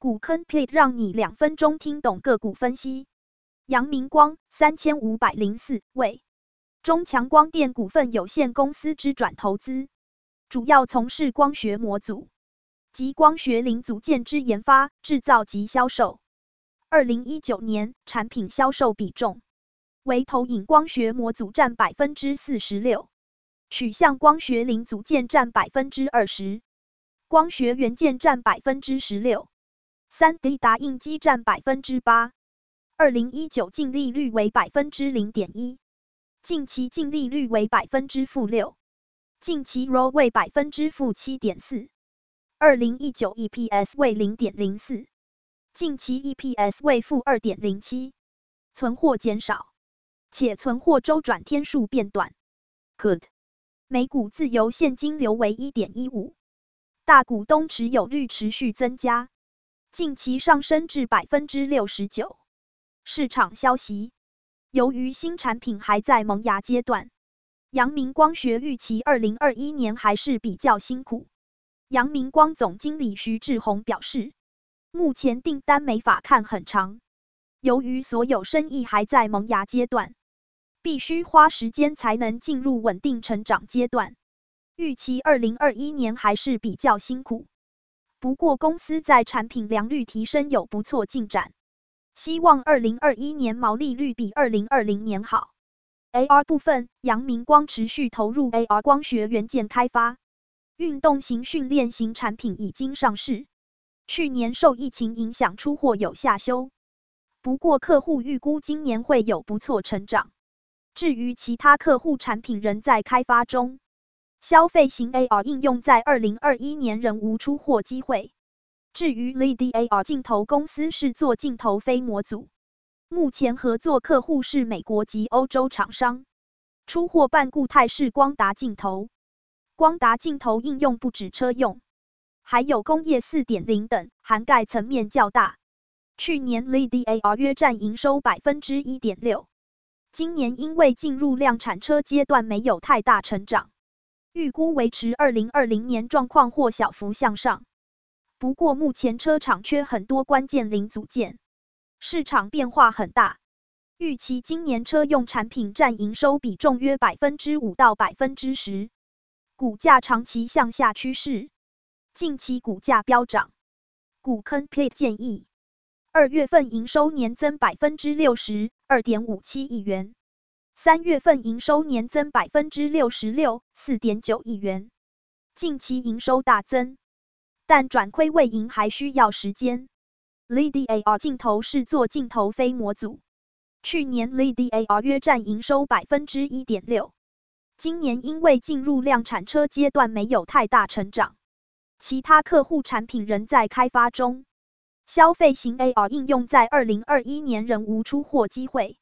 股坑 pit 讓你兩分鐘聽懂個股分析。揚明光，三千五百零四位，中強光電股份有限公司之轉投資，主要從事光學模組及光學零組件之研發、制造及銷售。二零一九年產品銷售比重為投影光學模組占百分之四十六，取像光學零組件占百分之二十，光學元件占百分之十六。三 D 打印機占百分之八，二零一九淨利率為百分之零點一，近期淨利率為百分之負六，近期 ROE 為百分之負七點四，二零一九 EPS 為零點零四，近期 EPS 為負二點零七，存貨減少，且存貨周轉天數變短，Good，每股自由現金流為一點一五，大股東持有率持續增加。近期上升至百分之六十九。市場消息，由於新產品還在萌芽階段，揚明光學預期二零二一年還是比較辛苦。揚明光總經理徐志宏表示，目前訂單沒法看很長，由於所有生意還在萌芽階段，必須花時間才能進入穩定成長階段，預期二零二一年還是比較辛苦。不過，公司在產品良率提升有不錯進展，希望二零二一年毛利率比二零二零年好。AR 部分，揚明光持續投入 AR 光學元件開發，運動型、訓練型產品已經上市。去年受疫情影響出貨有下修，不過客戶預估今年會有不錯成長。至於其他客戶產品仍在開發中。消費型 AR 應用在二零二一年仍無出貨機會。至於 LiDAR 鏡頭公司是做鏡頭非模組，目前合作客戶是美國及歐洲廠商，出貨半固態式光達鏡頭。光達鏡頭應用不止車用，還有工業四點零等，涵蓋層面較大。去年 LiDAR 約佔營收百分之一點六，今年因未進入量產車階段，沒有太大成長。預估維持二零二零年狀況或小幅向上，不過目前車廠缺很多關鍵零組件，市場變化很大。預期今年車用產品占營收比重約百分之五到百分之十。股價長期向下趨勢，近期股價飆漲。股坑 plate 建議，二月份營收年增百分之六十二點五七億元，三月份營收年增百分之六十六。四點九億元，近期營收大增，但轉虧為盈還需要時間。LiDAR 鏡頭是做鏡頭非模組，去年 LiDAR 約佔營收百分之一點六，今年因未進入量產車階段沒有太大成長，其他客戶產品仍在開發中，消費型 AR 應用在二零二一年仍無出貨機會。